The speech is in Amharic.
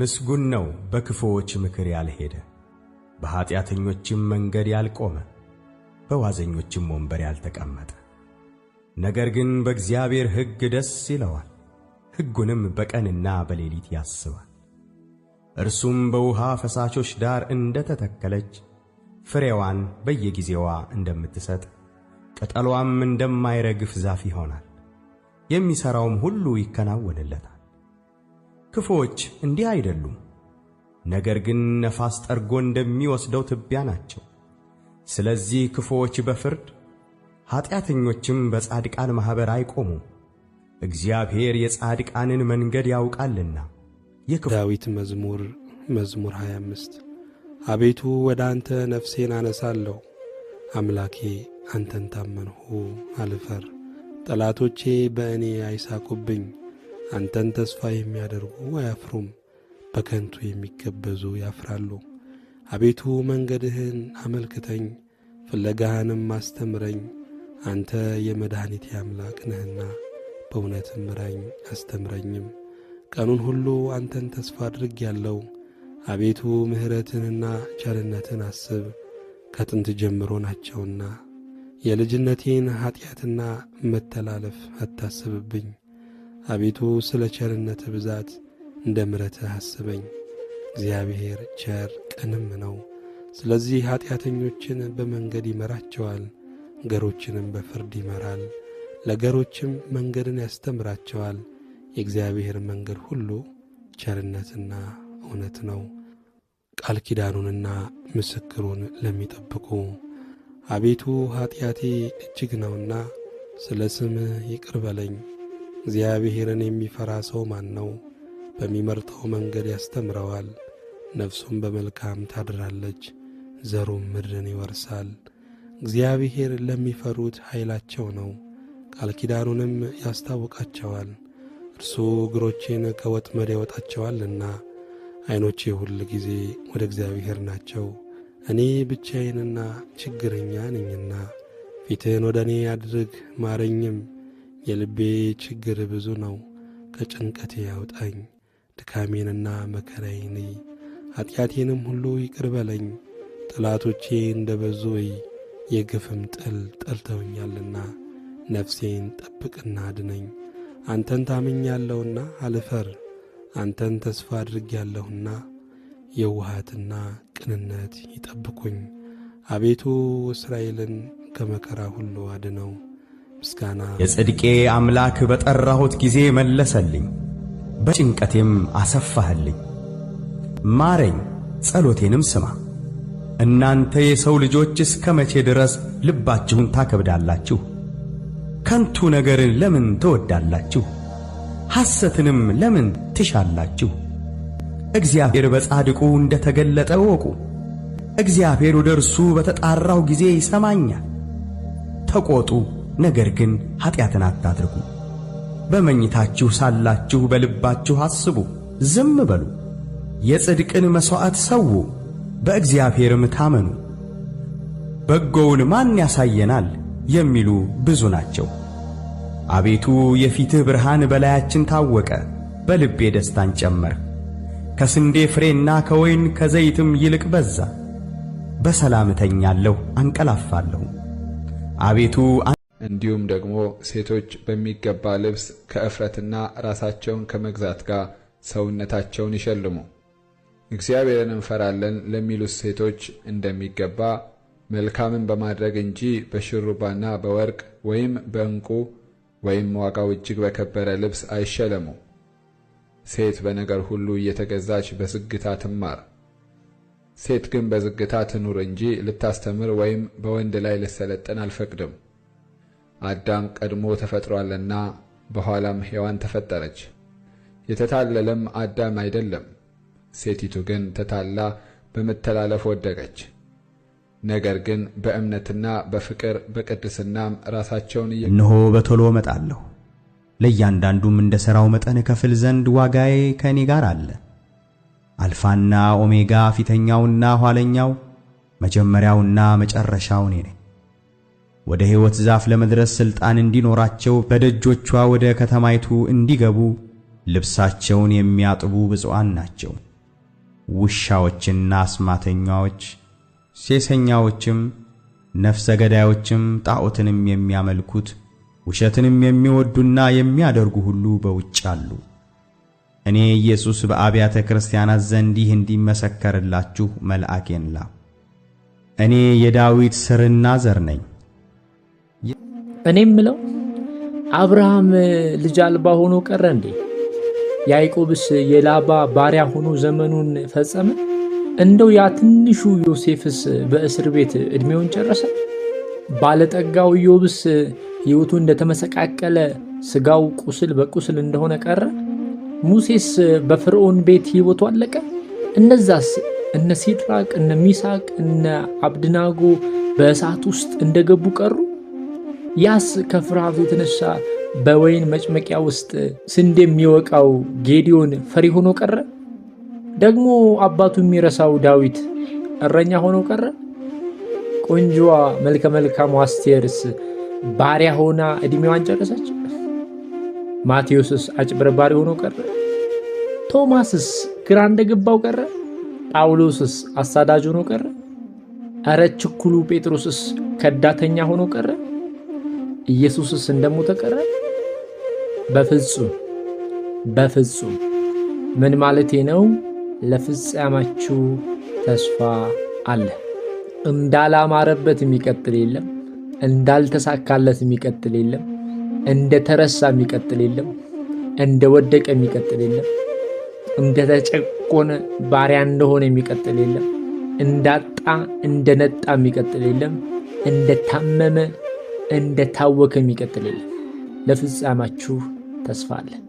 ምስጉን ነው በክፉዎች ምክር ያልሄደ፣ በኀጢአተኞችም መንገድ ያልቆመ፣ በዋዘኞችም ወንበር ያልተቀመጠ። ነገር ግን በእግዚአብሔር ሕግ ደስ ይለዋል፣ ሕጉንም በቀንና በሌሊት ያስባል። እርሱም በውሃ ፈሳሾች ዳር እንደ ተተከለች ፍሬዋን በየጊዜዋ እንደምትሰጥ ቅጠሏም እንደማይረግፍ ዛፍ ይሆናል። የሚሠራውም ሁሉ ይከናወንለታል። ክፉዎች እንዲህ አይደሉም፤ ነገር ግን ነፋስ ጠርጎ እንደሚወስደው ትቢያ ናቸው። ስለዚህ ክፉዎች በፍርድ ኃጢአተኞችም በጻድቃን ማኅበር አይቆሙም። እግዚአብሔር የጻድቃንን መንገድ ያውቃልና። ዳዊት መዝሙር መዝሙር 25 አቤቱ ወደ አንተ ነፍሴን አነሳለሁ። አምላኬ አንተን ታመንሁ አልፈር። ጠላቶቼ በእኔ አይሳቁብኝ። አንተን ተስፋ የሚያደርጉ አያፍሩም፣ በከንቱ የሚገበዙ ያፍራሉ። አቤቱ መንገድህን አመልክተኝ፣ ፍለጋህንም አስተምረኝ። አንተ የመድኃኒቴ አምላክ ነህና በእውነትም ምረኝ አስተምረኝም። ቀኑን ሁሉ አንተን ተስፋ አድርግ ያለው አቤቱ ምሕረትንና ቸርነትን አስብ፣ ከጥንት ጀምሮ ናቸውና። የልጅነቴን ኀጢአትና መተላለፍ አታስብብኝ አቤቱ ስለ ቸርነት ብዛት እንደ ምረትህ አስበኝ። እግዚአብሔር ቸር ቅንም ነው። ስለዚህ ኀጢአተኞችን በመንገድ ይመራቸዋል፣ ገሮችንም በፍርድ ይመራል፣ ለገሮችም መንገድን ያስተምራቸዋል። የእግዚአብሔር መንገድ ሁሉ ቸርነትና እውነት ነው፣ ቃል ኪዳኑንና ምስክሩን ለሚጠብቁ። አቤቱ ኀጢአቴ እጅግ ነውና ስለ ስምህ ይቅር በለኝ። እግዚአብሔርን የሚፈራ ሰው ማን ነው? በሚመርጠው መንገድ ያስተምረዋል። ነፍሱም በመልካም ታድራለች፣ ዘሩም ምድርን ይወርሳል። እግዚአብሔር ለሚፈሩት ኃይላቸው ነው፣ ቃል ኪዳኑንም ያስታውቃቸዋል። እርሱ እግሮቼን ከወጥመድ ያወጣቸዋልና ዐይኖቼ ሁል ጊዜ ወደ እግዚአብሔር ናቸው። እኔ ብቻዬንና ችግረኛ ነኝና ፊትህን ወደ እኔ አድርግ ማረኝም። የልቤ ችግር ብዙ ነው፣ ከጭንቀቴ ያውጣኝ። ድካሜንና መከራዬን ኀጢአቴንም ሁሉ ይቅር በለኝ። ጠላቶቼ እንደ በዙ እይ፣ የግፍም ጥል ጠልተውኛልና። ነፍሴን ጠብቅና አድነኝ። አንተን ታምኛለሁና አልፈር፣ አንተን ተስፋ አድርጌያለሁና። የውሃትና ቅንነት ይጠብቁኝ። አቤቱ እስራኤልን ከመከራ ሁሉ አድነው። ምስጋና የጽድቄ አምላክ በጠራሁት ጊዜ መለሰልኝ፣ በጭንቀቴም አሰፋህልኝ። ማረኝ፣ ጸሎቴንም ስማ። እናንተ የሰው ልጆች እስከ መቼ ድረስ ልባችሁን ታከብዳላችሁ? ከንቱ ነገርን ለምን ትወዳላችሁ? ሐሰትንም ለምን ትሻላችሁ? እግዚአብሔር በጻድቁ እንደ ተገለጠ እወቁ። እግዚአብሔር ወደ እርሱ በተጣራው ጊዜ ይሰማኛል። ተቆጡ? ነገር ግን ኃጢአትን አታድርጉ። በመኝታችሁ ሳላችሁ በልባችሁ አስቡ፣ ዝም በሉ። የጽድቅን መሥዋዕት ሰው በእግዚአብሔርም ታመኑ። በጎውን ማን ያሳየናል የሚሉ ብዙ ናቸው። አቤቱ የፊትህ ብርሃን በላያችን ታወቀ፣ በልቤ ደስታን ጨመር። ከስንዴ ፍሬና ከወይን ከዘይትም ይልቅ በዛ። በሰላም እተኛለሁ አንቀላፋለሁ። አቤቱ እንዲሁም ደግሞ ሴቶች በሚገባ ልብስ ከእፍረትና ራሳቸውን ከመግዛት ጋር ሰውነታቸውን ይሸልሙ። እግዚአብሔርን እንፈራለን ለሚሉት ሴቶች እንደሚገባ መልካምን በማድረግ እንጂ በሽሩባና በወርቅ ወይም በእንቁ ወይም ዋጋው እጅግ በከበረ ልብስ አይሸለሙ። ሴት በነገር ሁሉ እየተገዛች በዝግታ ትማር። ሴት ግን በዝግታ ትኑር እንጂ ልታስተምር ወይም በወንድ ላይ ልሰለጠን አልፈቅድም። አዳም ቀድሞ ተፈጥሯልና በኋላም ሔዋን ተፈጠረች። የተታለለም አዳም አይደለም፣ ሴቲቱ ግን ተታላ በመተላለፍ ወደቀች። ነገር ግን በእምነትና በፍቅር በቅድስናም ራሳቸውን እነሆ በቶሎ እመጣለሁ፣ ለእያንዳንዱም እንደ ሥራው መጠን እከፍል ዘንድ ዋጋዬ ከእኔ ጋር አለ። አልፋና ኦሜጋ ፊተኛውና ኋለኛው መጀመሪያውና መጨረሻው እኔ ነኝ። ወደ ሕይወት ዛፍ ለመድረስ ሥልጣን እንዲኖራቸው በደጆቿ ወደ ከተማይቱ እንዲገቡ ልብሳቸውን የሚያጥቡ ብፁዓን ናቸው። ውሻዎችና አስማተኛዎች፣ ሴሰኛዎችም፣ ነፍሰ ገዳዮችም፣ ጣዖትንም የሚያመልኩት ውሸትንም የሚወዱና የሚያደርጉ ሁሉ በውጭ አሉ። እኔ ኢየሱስ በአብያተ ክርስቲያናት ዘንድ ይህ እንዲመሰከርላችሁ መልአኬን ላክሁ። እኔ የዳዊት ሥርና ዘር ነኝ እኔ ምለው አብርሃም ልጅ አልባ ሆኖ ቀረ እንዴ? ያዕቆብስ የላባ ባሪያ ሆኖ ዘመኑን ፈጸመ? እንደው ያ ትንሹ ዮሴፍስ በእስር ቤት ዕድሜውን ጨረሰ? ባለጠጋው ኢዮብስ ሕይወቱ እንደተመሰቃቀለ ሥጋው ቁስል በቁስል እንደሆነ ቀረ? ሙሴስ በፍርዖን ቤት ሕይወቱ አለቀ? እነዛስ እነ ሲድራቅ፣ እነ ሚሳቅ፣ እነ አብድናጎ በእሳት ውስጥ እንደገቡ ቀሩ? ያስ ከፍርሃቱ የተነሳ በወይን መጭመቂያ ውስጥ ስንዴ የሚወቃው ጌዲዮን ፈሪ ሆኖ ቀረ? ደግሞ አባቱ የሚረሳው ዳዊት እረኛ ሆኖ ቀረ? ቆንጆዋ መልከ መልካሙ አስቴርስ ባሪያ ሆና ዕድሜዋን ጨረሰች? ማቴዎስስ አጭበርባሪ ሆኖ ቀረ? ቶማስስ ግራ እንደገባው ቀረ? ጳውሎስስ አሳዳጅ ሆኖ ቀረ? እረ ችኩሉ ጴጥሮስስ ከዳተኛ ሆኖ ቀረ? ኢየሱስስ እንደሞተ ቀረ? በፍጹም በፍጹም። ምን ማለቴ ነው? ለፍጻማችሁ ተስፋ አለ። እንዳላማረበት የሚቀጥል የለም። እንዳልተሳካለት የሚቀጥል የለም። እንደ ተረሳ የሚቀጥል የለም። እንደ ወደቀ የሚቀጥል የለም። እንደ ተጨቆነ ባሪያ እንደሆነ የሚቀጥል የለም። እንዳጣ እንደ ነጣ የሚቀጥል የለም። እንደ ታመመ እንደታወቀ የሚቀጥል የለም። ለፍጻማችሁ ተስፋ አለን።